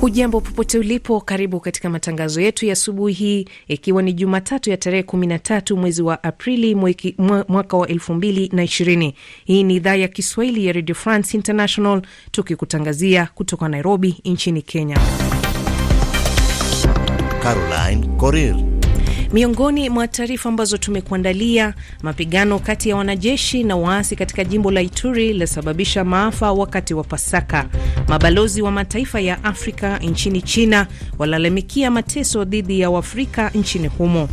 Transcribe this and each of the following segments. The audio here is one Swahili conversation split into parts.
Hujambo popote ulipo, karibu katika matangazo yetu ya asubuhi hii, ikiwa ni Jumatatu ya tarehe 13 mwezi wa Aprili mweki, mwaka wa 220 Hii ni idhaa ya Kiswahili ya Radio France International, tukikutangazia kutoka Nairobi nchini Kenya. Caroline Coril Miongoni mwa taarifa ambazo tumekuandalia, mapigano kati ya wanajeshi na waasi katika jimbo la Ituri lasababisha maafa wakati wa Pasaka. Mabalozi wa mataifa ya Afrika nchini China walalamikia mateso dhidi ya Waafrika nchini humo.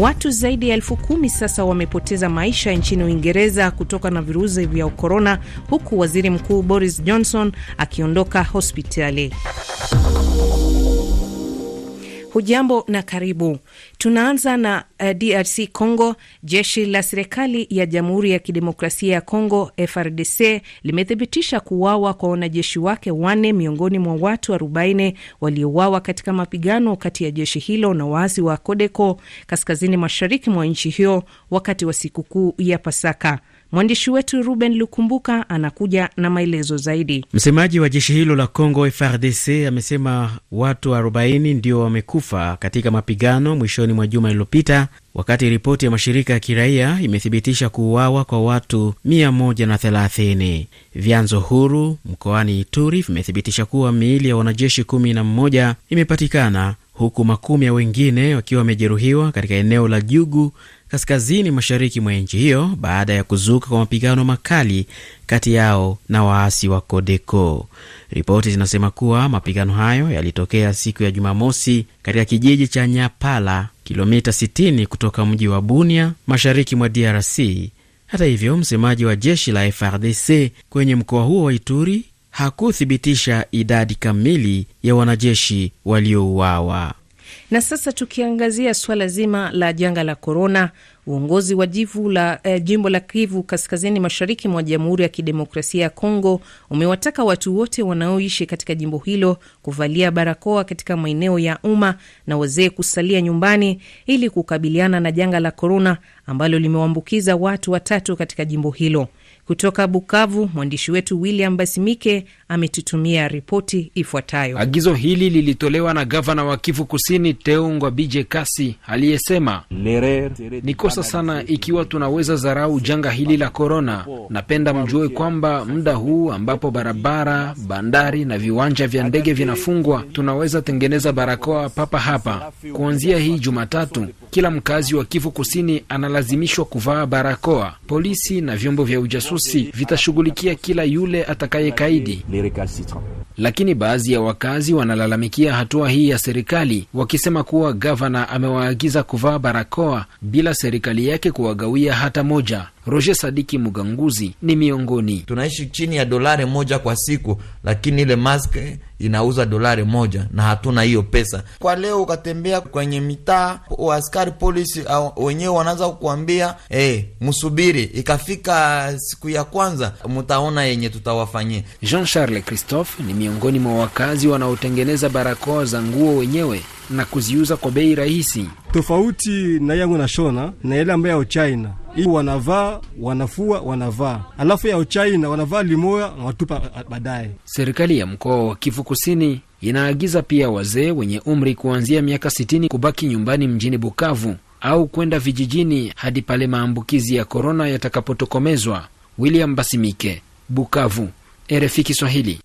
Watu zaidi ya elfu kumi sasa wamepoteza maisha nchini Uingereza kutoka na virusi vya korona, huku waziri mkuu Boris Johnson akiondoka hospitali. Hujambo na karibu. Tunaanza na uh, eh, DRC Congo. Jeshi la serikali ya Jamhuri ya Kidemokrasia ya Congo, FRDC, limethibitisha kuuawa kwa wanajeshi wake wanne miongoni mwa watu 40 waliouawa katika mapigano kati ya jeshi hilo na waasi wa Codeco kaskazini mashariki mwa nchi hiyo wakati wa sikukuu ya Pasaka. Mwandishi wetu Ruben Lukumbuka anakuja na maelezo zaidi. Msemaji wa jeshi hilo la Congo FRDC amesema watu 40 ndio wamekufa katika mapigano mwishoni mwa juma lililopita, wakati ripoti ya mashirika ya kiraia imethibitisha kuuawa kwa watu 130. Vyanzo huru mkoani Ituri vimethibitisha kuwa miili ya wanajeshi 11 imepatikana huku makumi ya wengine wakiwa wamejeruhiwa katika eneo la Jugu kaskazini mashariki mwa nchi hiyo baada ya kuzuka kwa mapigano makali kati yao na waasi wa Kodeko. Ripoti zinasema kuwa mapigano hayo yalitokea siku ya Jumamosi katika kijiji cha Nyapala, kilomita 60 kutoka mji wa Bunia, mashariki mwa DRC. Hata hivyo, msemaji wa jeshi la FRDC kwenye mkoa huo wa Ituri hakuthibitisha idadi kamili ya wanajeshi waliouawa. Na sasa tukiangazia suala zima la janga la korona, uongozi wa jivu la eh, jimbo la Kivu kaskazini mashariki mwa Jamhuri ya Kidemokrasia ya Kongo umewataka watu wote wanaoishi katika jimbo hilo kuvalia barakoa katika maeneo ya umma na wazee kusalia nyumbani ili kukabiliana na janga la korona ambalo limewaambukiza watu watatu katika jimbo hilo. Kutoka Bukavu, mwandishi wetu William Basimike ametutumia ripoti ifuatayo. Agizo hili lilitolewa na gavana wa Kivu Kusini Teungwa Bije Kasi aliyesema, ni kosa sana ikiwa tunaweza dharau janga hili la korona. Napenda mjue kwamba muda huu ambapo barabara, bandari na viwanja vya ndege vinafungwa, tunaweza tengeneza barakoa papa hapa. Kuanzia hii Jumatatu, kila mkazi wa Kivu Kusini analazimishwa kuvaa barakoa. Polisi na vyombo vya ujasusi Urusi vitashughulikia kila yule atakayekaidi. Lakini baadhi ya wakazi wanalalamikia hatua hii ya serikali, wakisema kuwa gavana amewaagiza kuvaa barakoa bila serikali yake kuwagawia hata moja. Roger Sadiki Muganguzi ni miongoni. Tunaishi chini ya dolari moja kwa siku, lakini ile mask inauza dolari moja na hatuna hiyo pesa kwa leo. Ukatembea kwenye mitaa, askari polisi wenyewe wanaanza kukuambia hey, eh, msubiri, ikafika siku ya kwanza mutaona yenye tutawafanyia. Jean Charles Christophe ni miongoni mwa wakazi wanaotengeneza barakoa za nguo wenyewe na kuziuza kwa bei rahisi. Tofauti na yangu na shona na yale ambayo yao China hii wanavaa wanafua wanavaa, alafu yao China wanavaa limoya watupa baadaye. Serikali ya mkoa wa Kivu Kusini inaagiza pia wazee wenye umri kuanzia miaka 60 kubaki nyumbani mjini Bukavu au kwenda vijijini hadi pale maambukizi ya korona yatakapotokomezwa. William Basimike, Bukavu, RFI Kiswahili.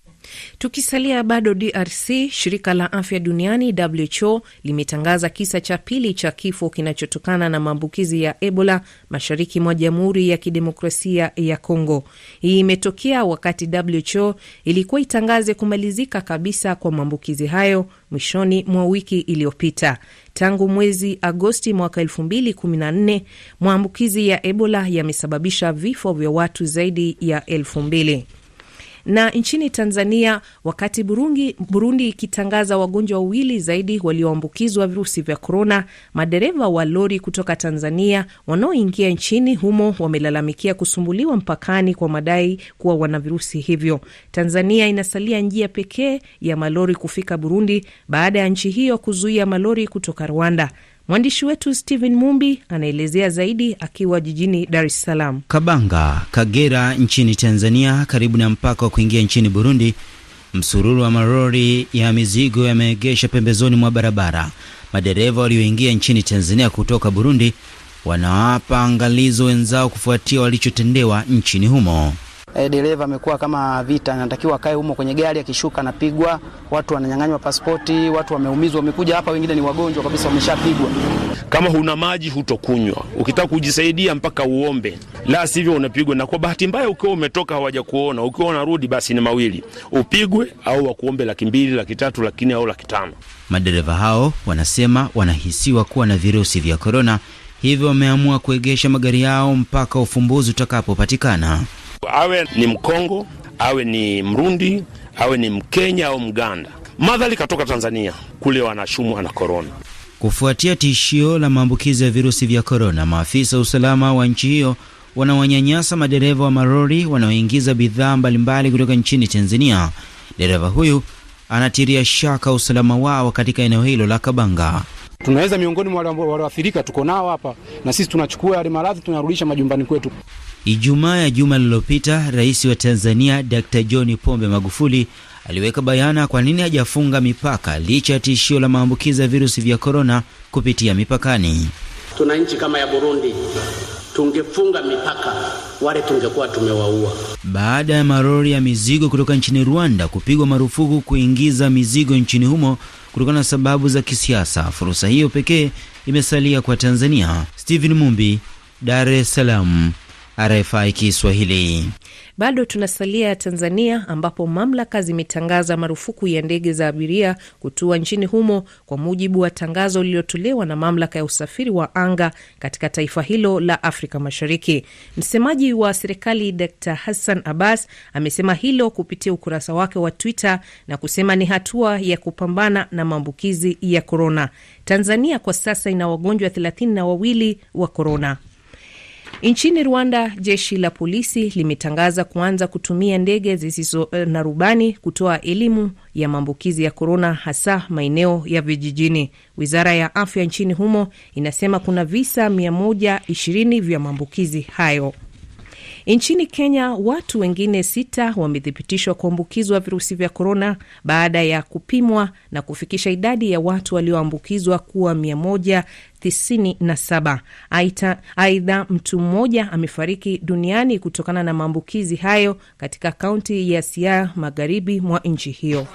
Tukisalia bado DRC, shirika la afya duniani WHO limetangaza kisa cha pili cha kifo kinachotokana na maambukizi ya Ebola mashariki mwa Jamhuri ya Kidemokrasia ya congo Hii imetokea wakati WHO ilikuwa itangaze kumalizika kabisa kwa maambukizi hayo mwishoni mwa wiki iliyopita. Tangu mwezi Agosti mwaka 2014 maambukizi ya Ebola yamesababisha vifo vya watu zaidi ya elfu mbili. Na nchini Tanzania, wakati Burundi, Burundi ikitangaza wagonjwa wawili zaidi walioambukizwa virusi vya korona, madereva wa lori kutoka Tanzania wanaoingia nchini humo wamelalamikia kusumbuliwa mpakani kwa madai kuwa wana virusi hivyo. Tanzania inasalia njia pekee ya malori kufika Burundi baada ya nchi hiyo kuzuia malori kutoka Rwanda. Mwandishi wetu Stephen Mumbi anaelezea zaidi akiwa jijini Dar es Salaam. Kabanga, Kagera nchini Tanzania, karibu na mpaka wa kuingia nchini Burundi, msururu wa malori ya mizigo yameegesha pembezoni mwa barabara. Madereva walioingia nchini Tanzania kutoka Burundi wanawapa angalizo wenzao kufuatia walichotendewa nchini humo e, dereva amekuwa kama vita, anatakiwa akae humo kwenye gari, akishuka anapigwa, watu wananyang'anywa pasipoti, watu wameumizwa, wamekuja hapa, wengine ni wagonjwa kabisa, wameshapigwa. Kama huna maji hutokunywa, ukitaka kujisaidia mpaka uombe, la sivyo unapigwa. Na kwa bahati mbaya, ukiwa umetoka hawajakuona, ukiwa unarudi, basi ni mawili, upigwe au wakuombe laki mbili, laki tatu, lakini au laki tano. Madereva hao wanasema wanahisiwa kuwa na virusi vya korona, hivyo wameamua kuegesha magari yao mpaka ufumbuzi utakapopatikana awe ni Mkongo, awe ni Mrundi, awe ni Mkenya au Mganda, madhali katoka Tanzania kule wanashumwa na korona. Kufuatia tishio la maambukizi ya virusi vya korona, maafisa wa usalama wa nchi hiyo wanawanyanyasa madereva wa marori wanaoingiza bidhaa mbalimbali kutoka nchini Tanzania. Dereva huyu anatiria shaka usalama wao katika eneo hilo la Kabanga. Tunaweza miongoni mwa walioathirika tuko nao hapa, na sisi tunachukua yale maradhi tunarudisha majumbani kwetu. Ijumaa ya juma lililopita, rais wa Tanzania Dr. John Pombe Magufuli aliweka bayana kwa nini hajafunga mipaka licha ya tishio la maambukizi ya virusi vya korona kupitia mipakani. Tuna nchi kama ya Burundi, tungefunga mipaka wale tungekuwa tumewaua. Baada ya marori ya mizigo kutoka nchini Rwanda kupigwa marufuku kuingiza mizigo nchini humo kutokana na sababu za kisiasa, fursa hiyo pekee imesalia kwa Tanzania. Stephen Mumbi, Dar es Salaam. RFI Kiswahili. Bado tunasalia Tanzania, ambapo mamlaka zimetangaza marufuku ya ndege za abiria kutua nchini humo kwa mujibu wa tangazo lililotolewa na mamlaka ya usafiri wa anga katika taifa hilo la Afrika Mashariki. Msemaji wa serikali Dr Hassan Abbas amesema hilo kupitia ukurasa wake wa Twitter na kusema ni hatua ya kupambana na maambukizi ya korona. Tanzania kwa sasa ina wagonjwa thelathini na wawili wa korona. Nchini Rwanda, jeshi la polisi limetangaza kuanza kutumia ndege zisizo eh, na rubani kutoa elimu ya maambukizi ya korona, hasa maeneo ya vijijini. Wizara ya afya nchini humo inasema kuna visa 120 vya maambukizi hayo. Nchini Kenya, watu wengine sita wamethibitishwa kuambukizwa virusi vya korona baada ya kupimwa na kufikisha idadi ya watu walioambukizwa kuwa 197. Aidha, mtu mmoja amefariki duniani kutokana na maambukizi hayo katika kaunti ya Siaya, magharibi mwa nchi hiyo.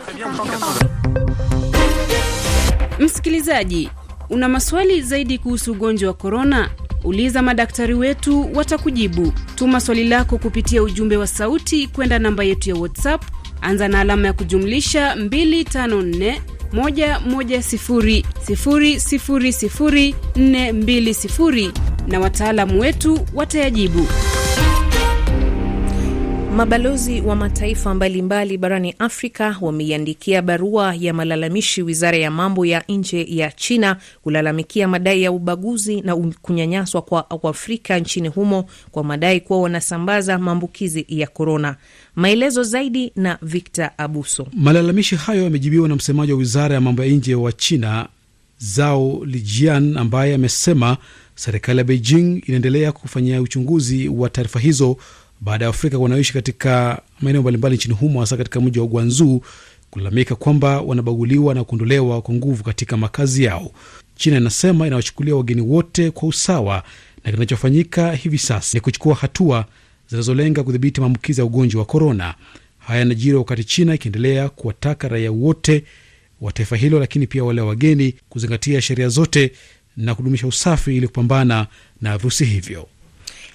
Msikilizaji, una maswali zaidi kuhusu ugonjwa wa korona? Uliza madaktari wetu watakujibu. Tuma swali lako kupitia ujumbe wa sauti kwenda namba yetu ya WhatsApp, anza na alama ya kujumlisha 254 110 000 420 na wataalamu wetu watayajibu. Mabalozi wa mataifa mbalimbali mbali barani Afrika wameiandikia barua ya malalamishi wizara ya mambo ya nje ya China kulalamikia madai ya ubaguzi na kunyanyaswa kwa uafrika nchini humo kwa madai kuwa wanasambaza maambukizi ya korona. Maelezo zaidi na Victor Abuso. Malalamishi hayo yamejibiwa na msemaji wa wizara ya mambo ya nje wa China Zhao Lijian ambaye amesema serikali ya Beijing inaendelea kufanyia uchunguzi wa taarifa hizo baada ya Afrika wanaoishi katika maeneo mbalimbali nchini humo hasa katika mji wa Guangzhou kulalamika kwamba wanabaguliwa na kuondolewa kwa nguvu katika makazi yao. China inasema inawachukulia wageni wote kwa usawa na kinachofanyika hivi sasa ni kuchukua hatua zinazolenga kudhibiti maambukizi ya ugonjwa wa korona. Haya yanajiri wakati China ikiendelea kuwataka raia wote wa taifa hilo, lakini pia wale wageni kuzingatia sheria zote na kudumisha usafi ili kupambana na virusi hivyo.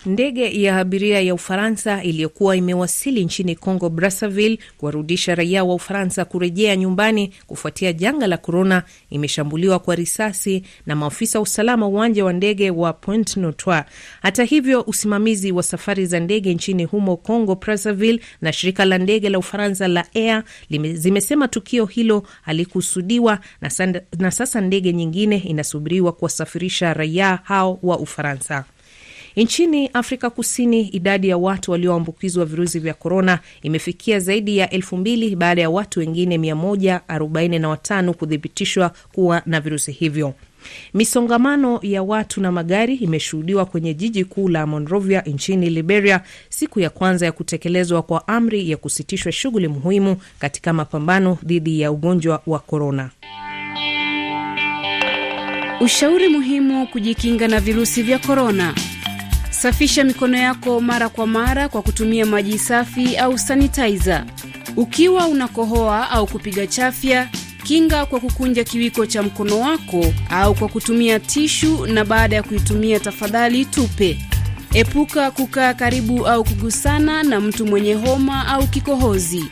Ndege ya abiria ya Ufaransa iliyokuwa imewasili nchini Congo Brazzaville kuwarudisha raia wa Ufaransa kurejea nyumbani kufuatia janga la korona imeshambuliwa kwa risasi na maafisa wa usalama uwanja wa ndege wa point Notoi. Hata hivyo, usimamizi wa safari za ndege nchini humo Congo Brazzaville na shirika la ndege la Ufaransa la Air zimesema tukio hilo halikusudiwa na, na sasa ndege nyingine inasubiriwa kuwasafirisha raia hao wa Ufaransa. Nchini Afrika Kusini, idadi ya watu walioambukizwa virusi vya korona imefikia zaidi ya elfu mbili baada ya watu wengine 145 kuthibitishwa kuwa na virusi hivyo. Misongamano ya watu na magari imeshuhudiwa kwenye jiji kuu la Monrovia nchini Liberia, siku ya kwanza ya kutekelezwa kwa amri ya kusitishwa shughuli muhimu katika mapambano dhidi ya ugonjwa wa korona. Ushauri muhimu kujikinga na virusi vya korona. Safisha mikono yako mara kwa mara kwa kutumia maji safi au sanitizer. Ukiwa unakohoa au kupiga chafya, kinga kwa kukunja kiwiko cha mkono wako au kwa kutumia tishu, na baada ya kuitumia tafadhali tupe. Epuka kukaa karibu au kugusana na mtu mwenye homa au kikohozi.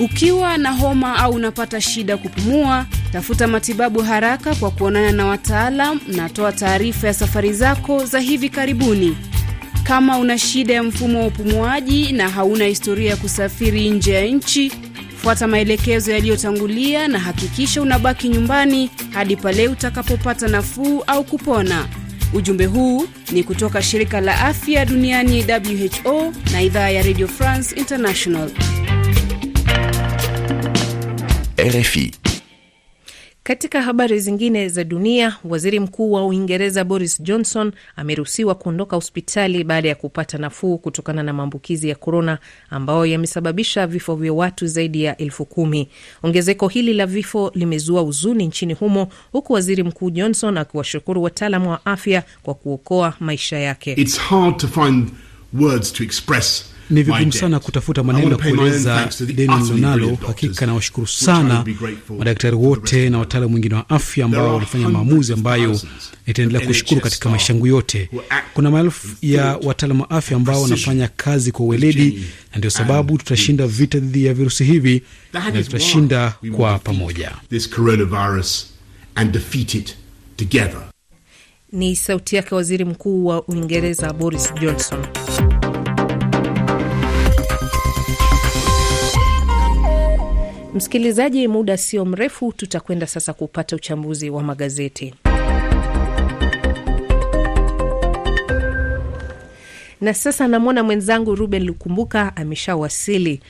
Ukiwa na homa au unapata shida kupumua, tafuta matibabu haraka kwa kuonana na wataalam na toa taarifa ya safari zako za hivi karibuni. Kama una shida ya mfumo wa upumuaji na hauna historia ya kusafiri nje ya nchi, fuata maelekezo yaliyotangulia na hakikisha unabaki nyumbani hadi pale utakapopata nafuu au kupona. Ujumbe huu ni kutoka shirika la afya duniani WHO na idhaa ya Radio France International. RFI katika habari zingine za dunia, waziri mkuu wa Uingereza Boris Johnson ameruhusiwa kuondoka hospitali baada ya kupata nafuu kutokana na maambukizi ya korona ambayo yamesababisha vifo vya watu zaidi ya elfu kumi. Ongezeko hili la vifo limezua huzuni nchini humo, huku waziri mkuu Johnson akiwashukuru wataalam wa afya kwa kuokoa maisha yake. It's hard to find words to express ni vigumu sana kutafuta maneno ya kueleza deni nilionalo. Hakika nawashukuru sana madaktari wote na wataalamu wengine wa afya ambao wanafanya maamuzi ambayo nitaendelea kushukuru katika maisha yangu yote. Kuna maelfu ya wataalamu wa afya ambao wanafanya kazi kwa uweledi, na ndio sababu tutashinda vita dhidi ya virusi hivi na tutashinda kwa pamoja. Ni sauti yake Waziri Mkuu wa Uingereza Boris Johnson. Msikilizaji, muda sio mrefu tutakwenda sasa kupata uchambuzi wa magazeti. Na sasa namwona mwenzangu Ruben Lukumbuka ameshawasili.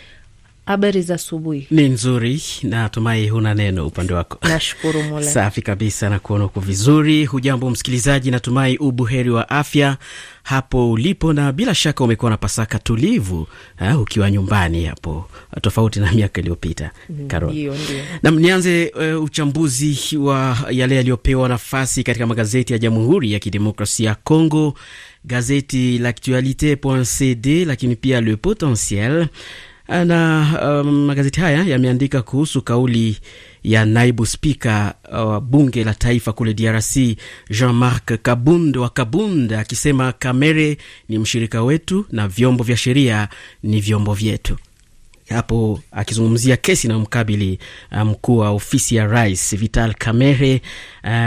Habari za asubuhi. Ni nzuri, natumai huna neno upande wako. Nashukuru Mola. Safi kabisa na kuona uko vizuri. Hujambo msikilizaji, natumai ubuheri wa afya hapo ulipo, na bila shaka umekuwa na Pasaka tulivu ha, eh, ukiwa nyumbani hapo, tofauti na miaka iliyopita. Mm, Karol, nam nianze uh, uchambuzi wa yale yaliyopewa nafasi katika magazeti ya Jamhuri ya Kidemokrasia ya Congo, gazeti L'actualité.cd, lakini pia Le Potentiel Eh, na um, magazeti haya yameandika kuhusu kauli ya naibu spika wa uh, bunge la taifa kule DRC Jean-Marc Kabund wa Kabund akisema Kamere ni mshirika wetu na vyombo vya sheria ni vyombo vyetu hapo akizungumzia kesi na mkabili uh, mkuu um, wa ofisi ya rais Vital Kamere.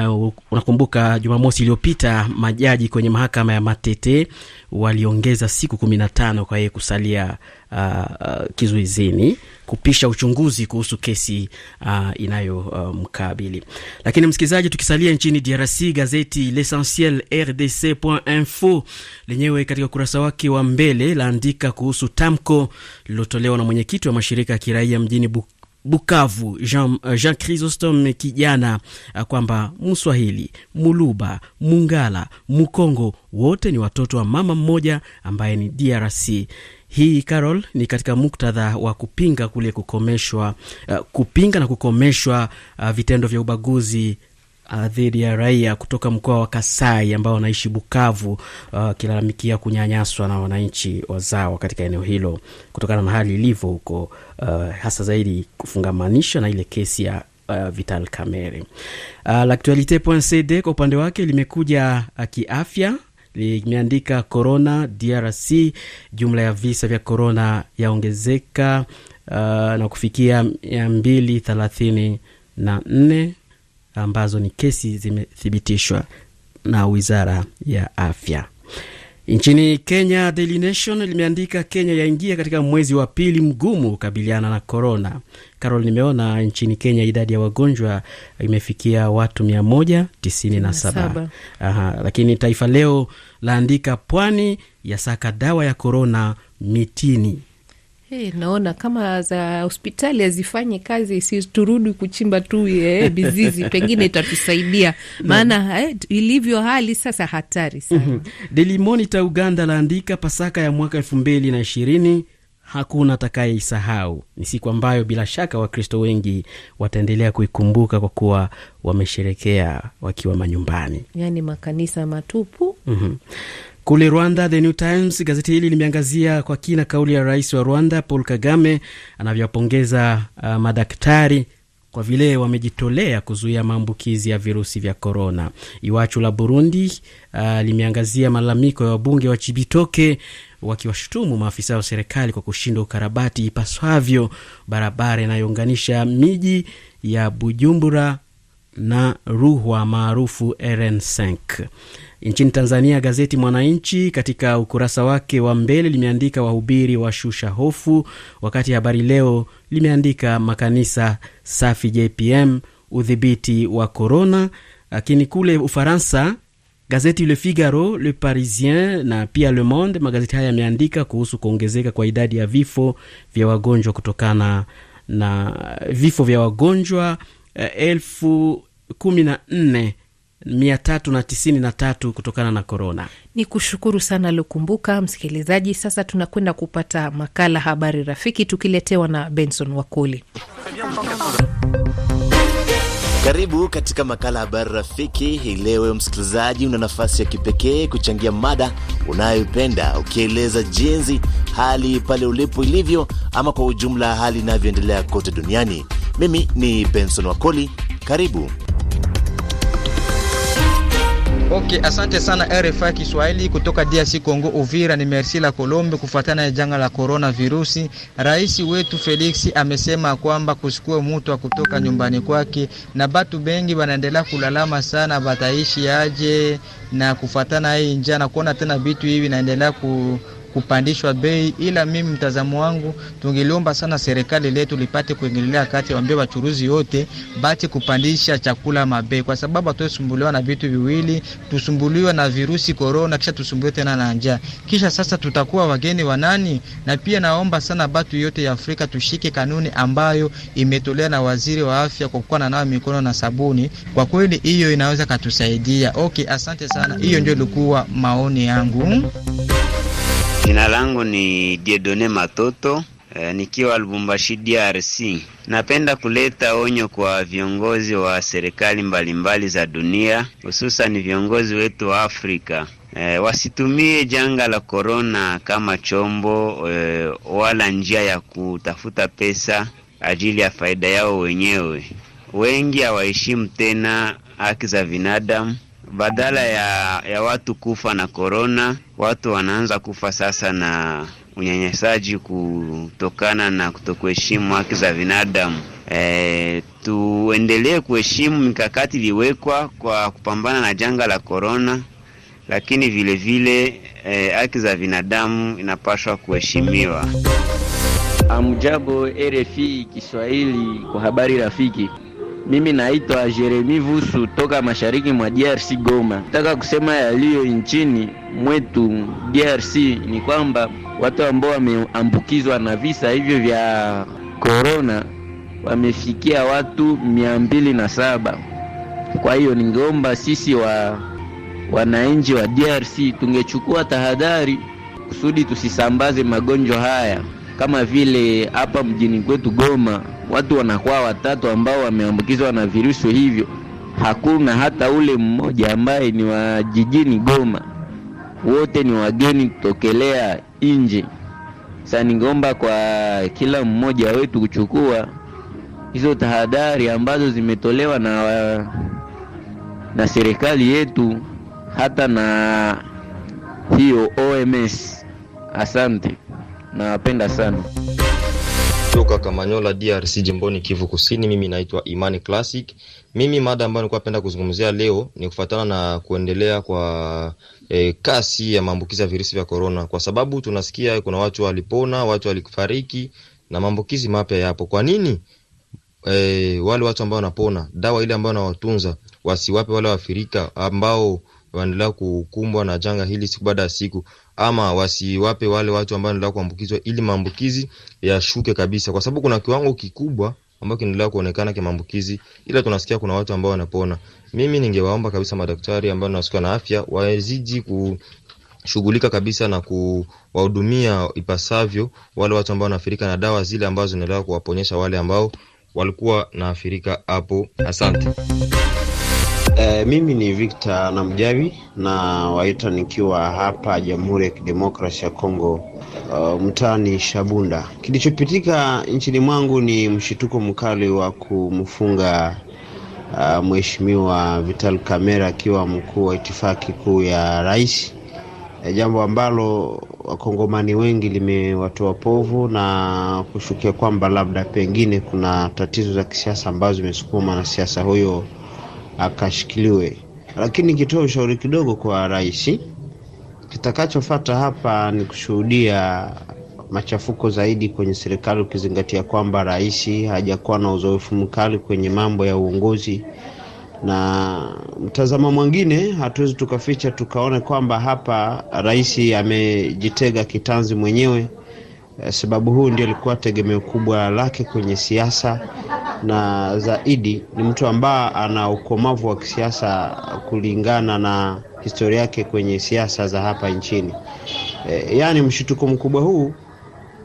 Uh, unakumbuka Jumamosi iliyopita majaji kwenye mahakama ya Matete waliongeza siku kumi na tano kwa yeye kusalia Uh, uh, kizuizini kupisha uchunguzi kuhusu kesi uh, inayomkabili uh, lakini msikilizaji, tukisalia nchini DRC, gazeti L'Essentiel info lenyewe katika ukurasa wake wa mbele laandika kuhusu tamko lililotolewa na mwenyekiti wa mashirika ya kiraia mjini Buk Bukavu Jean, uh, Jean Chrysostom kijana uh, kwamba Mswahili, Muluba, Mungala, Mukongo wote ni watoto wa mama mmoja ambaye ni DRC hii Carol ni katika muktadha wa kupinga kule kukomeshwa, uh, kupinga na kukomeshwa uh, vitendo vya ubaguzi uh, dhidi ya raia kutoka mkoa wa Kasai ambao wanaishi Bukavu, uh, wakilalamikia uh, kunyanyaswa na wananchi wazawa katika eneo hilo kutokana na hali ilivyo huko, uh, hasa zaidi kufungamanisha na ile kesi ya Uh, Vital Kamerhe. Uh, L'actualite.cd kwa upande wake limekuja uh, kiafya limeandika corona DRC, jumla ya visa vya corona yaongezeka uh, na kufikia mia mbili thelathini na nne ambazo ni kesi zimethibitishwa na wizara ya afya. Nchini Kenya, Daily Nation limeandika Kenya yaingia katika mwezi wa pili mgumu kukabiliana na korona. Carol, nimeona nchini Kenya idadi ya wagonjwa imefikia watu 197. lakini Taifa Leo laandika pwani ya saka dawa ya korona mitini. Hey, naona kama za hospitali hazifanye kazi, si turudi kuchimba tu eh, bizizi pengine itatusaidia maana eh, ilivyo hali sasa hatari sana. mm -hmm. Daily Monitor Uganda laandika Pasaka ya mwaka elfu mbili na ishirini hakuna atakayeisahau. Ni siku ambayo bila shaka Wakristo wengi wataendelea kuikumbuka kwa kuwa wamesherekea wakiwa manyumbani, yani makanisa matupu. mm -hmm. Kule Rwanda, The New Times, gazeti hili limeangazia kwa kina kauli ya rais wa Rwanda Paul Kagame anavyopongeza uh, madaktari kwa vile wamejitolea kuzuia maambukizi ya virusi vya korona. Iwachu la Burundi uh, limeangazia malalamiko ya wabunge wa Chibitoke wakiwashutumu maafisa wa serikali kwa kushindwa ukarabati ipaswavyo barabara inayounganisha miji ya Bujumbura na Ruhwa maarufu RN5. Nchini Tanzania, gazeti Mwananchi katika ukurasa wake wa mbele limeandika wahubiri washusha hofu, wakati Habari Leo limeandika makanisa safi JPM udhibiti wa korona. Lakini kule Ufaransa, gazeti Le Figaro, Le Parisien na pia Le Monde, magazeti haya yameandika kuhusu kuongezeka kwa idadi ya vifo vya wagonjwa kutokana na vifo vya wagonjwa Eh, elfu kumi na nne mia tatu na tisini na tatu kutokana na korona. Ni kushukuru sana aliokumbuka Msikilizaji, sasa tunakwenda kupata makala Habari Rafiki tukiletewa na Benson Wakoli. Karibu katika makala ya habari rafiki. Hii leo msikilizaji, una nafasi ya kipekee kuchangia mada unayoipenda ukieleza jinsi hali pale ulipo ilivyo, ama kwa ujumla hali inavyoendelea kote duniani. Mimi ni Benson Wakoli, karibu. Okay, asante sana RFI Kiswahili kutoka DRC Congo Uvira, ni Merci la Colombe. Kufuatana na janga la corona virusi, rais wetu Felix amesema kwamba kusikue mtu kutoka nyumbani kwake, na batu bengi banaendelea kulalama sana, bataishi aje na kufuatana hii njana kuona tena vitu hivi naendelea ku kupandishwa bei, ila mimi mtazamo wangu tungeliomba sana serikali letu lipate kuingilia kati, waambie wachuruzi wote bati kupandisha chakula mabei, kwa sababu hatuesumbuliwa na vitu viwili, tusumbuliwa na virusi korona, kisha tusumbuliwe tena na njaa, kisha sasa tutakuwa wageni wa nani? Na pia naomba sana batu yote ya Afrika tushike kanuni ambayo imetolewa na waziri wa afya kwa kuwa nawa mikono na sabuni. Kwa kweli hiyo inaweza katusaidia. Okay, asante sana. Hiyo ndio ilikuwa maoni yangu. Jina langu ni Diedone Matoto. E, nikiwa Lubumbashi DRC, napenda kuleta onyo kwa viongozi wa serikali mbalimbali za dunia, hususan viongozi wetu wa Afrika. e, wasitumie janga la korona kama chombo e, wala njia ya kutafuta pesa ajili ya faida yao wenyewe. Wengi hawaheshimu tena haki za binadamu badala ya, ya watu kufa na korona, watu wanaanza kufa sasa na unyanyasaji kutokana na kutokuheshimu haki za binadamu. E, tuendelee kuheshimu mikakati iliwekwa kwa kupambana na janga la korona, lakini vilevile e, haki e, za binadamu inapaswa kuheshimiwa. Amjabo RFI Kiswahili, kwa habari rafiki. Mimi naitwa Jeremi Vusu toka mashariki mwa DRC Goma. Nataka kusema yaliyo nchini mwetu DRC ni kwamba watu ambao wameambukizwa na visa hivyo vya korona wamefikia watu mia mbili na saba. Kwa hiyo ningeomba sisi wa wananchi wa DRC tungechukua tahadhari kusudi tusisambaze magonjwa haya. Kama vile hapa mjini kwetu Goma, watu wanakuwa watatu ambao wameambukizwa na virusi hivyo, hakuna hata ule mmoja ambaye ni wa jijini Goma, wote ni wageni kutokelea nje. Sasa ningeomba kwa kila mmoja wetu kuchukua hizo tahadhari ambazo zimetolewa na wa, na serikali yetu hata na hiyo OMS. Asante nawapenda sana. Toka Kamanyola, DRC, jimboni Kivu Kusini. Mimi naitwa Imani Classic. Mimi mada ambayo nilikuwa napenda kuzungumzia leo ni kufuatana na kuendelea kwa e, kasi ya maambukizi ya virusi vya korona, kwa sababu tunasikia kuna watu walipona, watu walifariki na maambukizi mapya yapo. Kwa nini e, wale watu ambao wanapona, dawa ile ambayo nawatunza wasiwape wale waafirika ambao waendelea kukumbwa na janga hili siku baada ya siku ama wasiwape wale watu ambao wanaendelea kuambukizwa, ili maambukizi yashuke kabisa, kwa sababu kuna kiwango kikubwa ambao kinaendelea kuonekana maambukizi, ila tunasikia kuna watu ambao wanapona. Mimi ningewaomba kabisa madaktari ambao wanahusika na afya waziji ku shughulika kabisa na kuwahudumia ipasavyo wale watu ambao wanaathirika na dawa zile ambazo zinaendelea kuwaponyesha wale ambao walikuwa naathirika hapo. Asante. E, mimi ni Victor namjavi na waita nikiwa hapa Jamhuri ya Kidemokrasia ya Kongo, uh, mtaani Shabunda. Kilichopitika nchini mwangu ni mshituko mkali wa kumfunga uh, Mheshimiwa Vital Kamera akiwa mkuu wa itifaki kuu ya rais, e, jambo ambalo wakongomani wengi limewatoa povu na kushukia kwamba labda pengine kuna tatizo za kisiasa ambazo zimesukuma na siasa huyo akashikiliwe. Lakini nikitoa ushauri kidogo kwa rais, kitakachofuata hapa ni kushuhudia machafuko zaidi kwenye serikali, ukizingatia kwamba rais hajakuwa na uzoefu mkali kwenye mambo ya uongozi. Na mtazamo mwingine, hatuwezi tukaficha tukaone kwamba hapa rais amejitega kitanzi mwenyewe, eh, sababu huu ndio alikuwa tegemeo kubwa lake kwenye siasa na zaidi ni mtu ambaye ana ukomavu wa kisiasa kulingana na historia yake kwenye siasa za hapa nchini. E, yaani mshituko mkubwa huu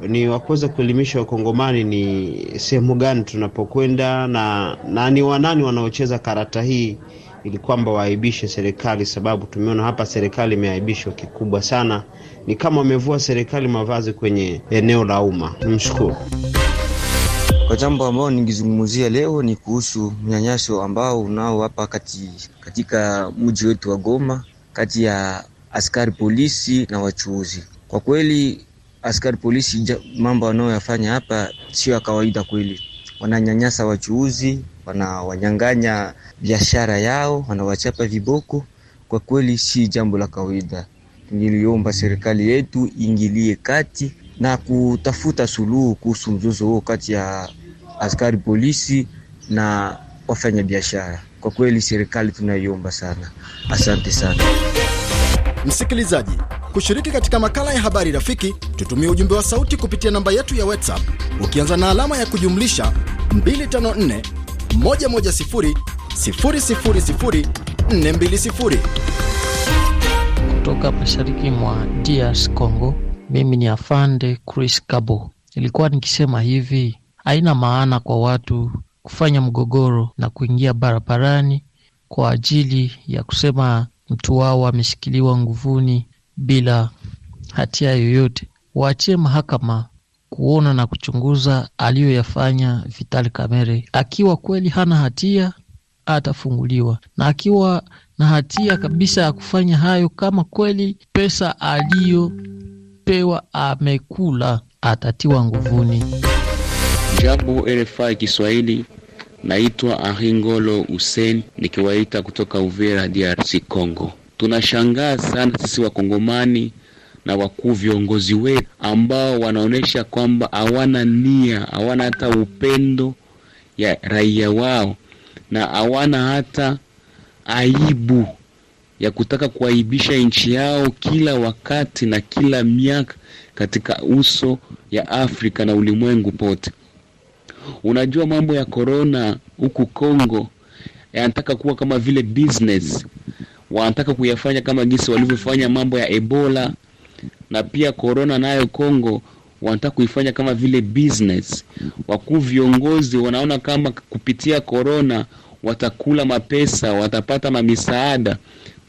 ni wa kuweza kuelimisha Wakongomani ni sehemu gani tunapokwenda na, na ni wanani wanaocheza karata hii ili kwamba waaibishe serikali, sababu tumeona hapa serikali imeaibishwa kikubwa sana. Ni kama wamevua serikali mavazi kwenye eneo la umma. Nimshukuru. Kwa jambo ambao ningizungumzia leo ni kuhusu mnyanyaso ambao unao hapa kati, katika mji wetu wa Goma kati ya askari polisi na wachuuzi. Kwa kweli askari polisi mambo wanayoyafanya hapa sio ya kawaida kweli. Wananyanyasa wachuuzi, wanawanyang'anya biashara yao, wanawachapa viboko. Kwa kweli si jambo la kawaida. Niliomba serikali yetu ingilie kati na kutafuta suluhu kuhusu mzozo huo kati ya askari polisi na wafanyabiashara Kwa kweli serikali tunaiomba sana. Asante sana msikilizaji kushiriki katika makala ya habari rafiki, tutumie ujumbe wa sauti kupitia namba yetu ya WhatsApp ukianza na alama ya kujumlisha 254 110 kutoka mashariki mwa DRC Congo. Mimi ni afande Chris Kabo. Nilikuwa nikisema hivi, haina maana kwa watu kufanya mgogoro na kuingia barabarani kwa ajili ya kusema mtu wao ameshikiliwa nguvuni bila hatia yoyote. Waachie mahakama kuona na kuchunguza aliyoyafanya Vital Kamerhe. Akiwa kweli hana hatia, atafunguliwa, na akiwa na hatia kabisa ya kufanya hayo, kama kweli pesa aliyo aliyepewa amekula, atatiwa nguvuni. Jambo RFI Kiswahili, naitwa ngolo Hussein nikiwaita kutoka Uvira, DRC Congo. Tunashangaa sana sisi wakongomani na wakuu viongozi wetu ambao wanaonyesha kwamba hawana nia, hawana hata upendo ya raia wao na hawana hata aibu ya kutaka kuaibisha nchi yao kila wakati na kila miaka katika uso ya Afrika na ulimwengu pote. Unajua mambo ya korona huku Kongo yanataka kuwa kama vile business, wanataka kuyafanya kama gisi walivyofanya mambo ya Ebola na pia korona nayo Kongo wanataka kuifanya kama vile business. Wakuu viongozi wanaona kama kupitia korona watakula mapesa, watapata mamisaada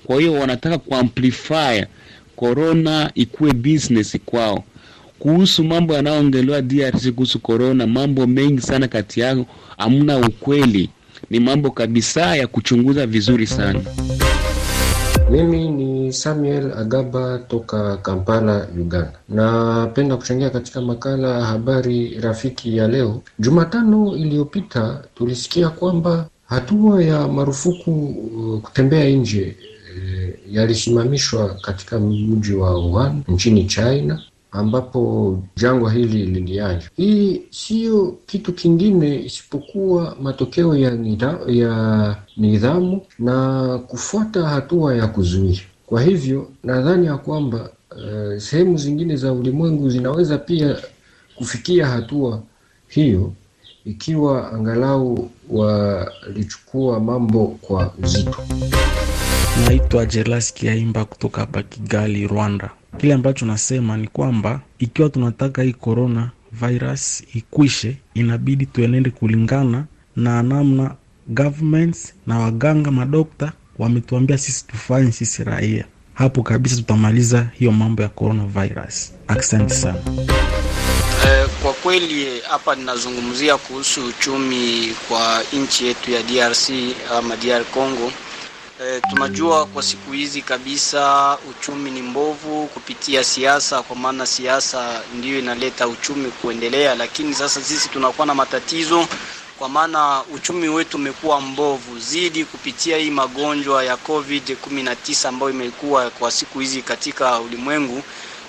kwa hiyo wanataka kuamplify corona ikuwe business kwao. Kuhusu mambo yanayoongelewa DRC kuhusu corona, mambo mengi sana kati yao hamna ukweli, ni mambo kabisa ya kuchunguza vizuri sana. Mimi ni Samuel Agaba toka Kampala, Uganda. Napenda kuchangia katika makala ya habari rafiki ya leo. Jumatano iliyopita tulisikia kwamba hatua ya marufuku uh, kutembea nje yalisimamishwa katika mji wa Wuhan nchini China ambapo jangwa hili lilianza. Hii siyo kitu kingine isipokuwa matokeo ya, nida, ya nidhamu na kufuata hatua ya kuzuia. Kwa hivyo nadhani ya kwamba uh, sehemu zingine za ulimwengu zinaweza pia kufikia hatua hiyo ikiwa angalau walichukua mambo kwa uzito. Naitwa Jelas Kiaimba kutoka hapa Kigali, Rwanda. Kile ambacho nasema ni kwamba ikiwa tunataka hii corona virus ikwishe, inabidi tuenende kulingana na namna governments na waganga madokta wametuambia sisi tufanye, sisi raia. Hapo kabisa tutamaliza hiyo mambo ya corona virus. Asante sana. Eh, kwa kweli hapa ninazungumzia kuhusu uchumi kwa nchi yetu ya DRC ama DR Congo E, tunajua kwa siku hizi kabisa uchumi ni mbovu kupitia siasa, kwa maana siasa ndiyo inaleta uchumi kuendelea, lakini sasa sisi tunakuwa na matatizo kwa maana uchumi wetu umekuwa mbovu zidi kupitia hii magonjwa ya COVID 19 ambayo imekuwa kwa siku hizi katika ulimwengu.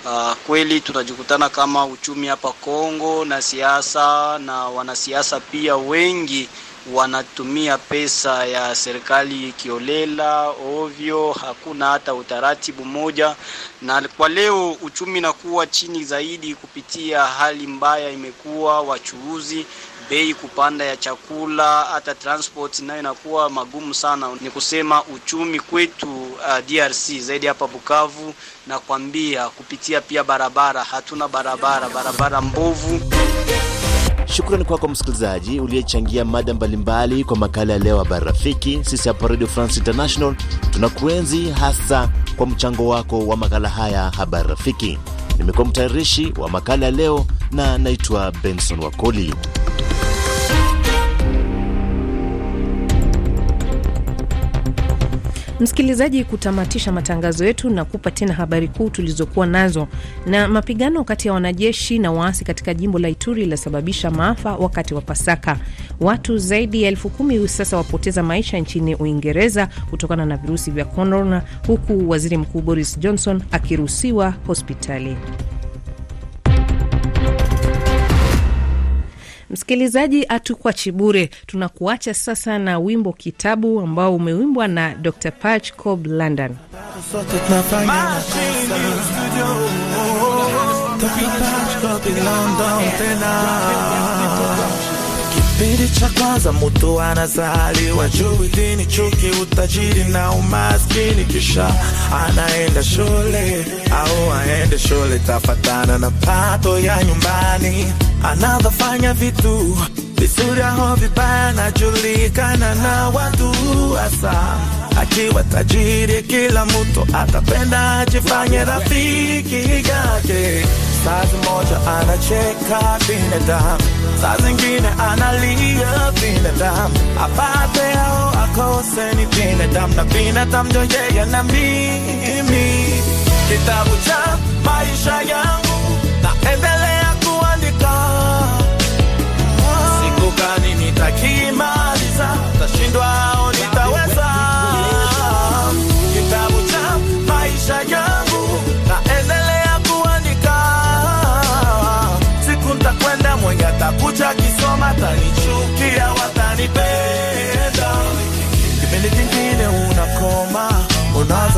Uh, kweli tunajikutana kama uchumi hapa Kongo na siasa na wanasiasa pia wengi wanatumia pesa ya serikali kiolela ovyo, hakuna hata utaratibu mmoja. Na kwa leo uchumi nakuwa chini zaidi kupitia hali mbaya imekuwa wachuuzi bei kupanda ya chakula, hata transport nayo inakuwa magumu sana. Ni kusema uchumi kwetu uh, DRC zaidi hapa Bukavu, na kwambia kupitia pia barabara, hatuna barabara, barabara mbovu. Shukrani kwako msikilizaji uliyechangia mada mbalimbali kwa makala ya leo habari rafiki. Sisi hapa Radio France International tunakuenzi hasa kwa mchango wako wa makala haya habari rafiki. Nimekuwa mtayarishi wa makala ya leo na naitwa Benson Wakoli. Msikilizaji, kutamatisha matangazo yetu na kupa tena habari kuu tulizokuwa nazo. Na mapigano kati ya wanajeshi na waasi katika jimbo la Ituri ilasababisha maafa wakati wa Pasaka. Watu zaidi ya elfu kumi sasa wapoteza maisha nchini Uingereza kutokana na virusi vya corona huku waziri mkuu Boris Johnson akiruhusiwa hospitali. Msikilizaji, hatukwachi bure, tunakuacha sasa na wimbo Kitabu ambao umewimbwa na Dr Patch Cobb London. Kipindi cha kwanza mutu anazaliwa, juu dini, chuki, utajiri na umaskini, kisha anaenda shule au aende shule, tafatana na pato ya nyumbani anavyofanya vitu vizuri aho vibaya, najulikana na watu hasa. Akiwa tajiri, kila mtu atapenda ajifanye rafiki yake. Saa zimoja anacheka binadamu, saa zingine analia binadamu, apate ao akose, ni binadamu na binadamu ndio yeye na mimi. Kitabu cha maisha yangu naendelea nitakimaliza, tashindwa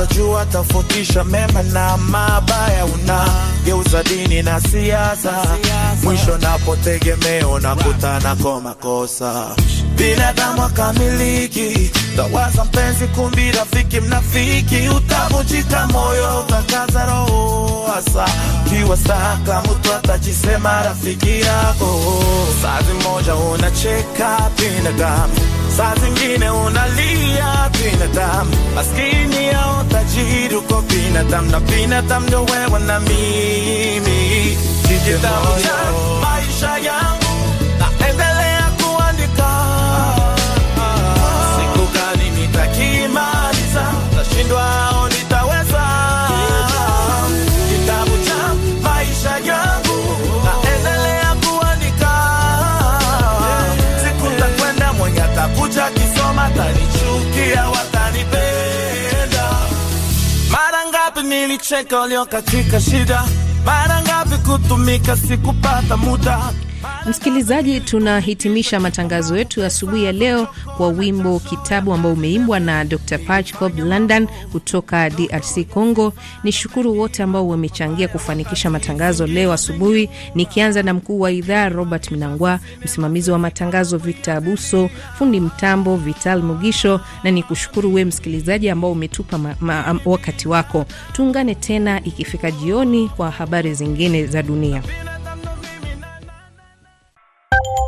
utajua tofautisha mema na mabaya, una geuza dini na siasa, mwisho napotegemeo na kutana kwa makosa. Binadamu akamiliki tawaza mpenzi, kumbi rafiki, mnafiki, utavunjika moyo, utakaza roho, hasa saka mtu atajisema rafiki yako. sazi moja unacheka binadamu saa zingine unalia binadamu, maskini au tajiri, uko binadamu na binadamu ndio wewe na mimi, kijitabu cha maisha yangu kucheka walio katika shida, mara ngapi kutumika, sikupata muda Msikilizaji, tunahitimisha matangazo yetu asubuhi ya leo kwa wimbo Kitabu ambao umeimbwa na Dr Patch Cob London kutoka DRC Congo. Ni shukuru wote ambao wamechangia kufanikisha matangazo leo asubuhi, nikianza na mkuu wa idhaa Robert Minangwa, msimamizi wa matangazo Victor Abuso, fundi mtambo Vital Mugisho, na ni kushukuru we msikilizaji ambao umetupa ma, ma, wakati wako. Tuungane tena ikifika jioni kwa habari zingine za dunia. you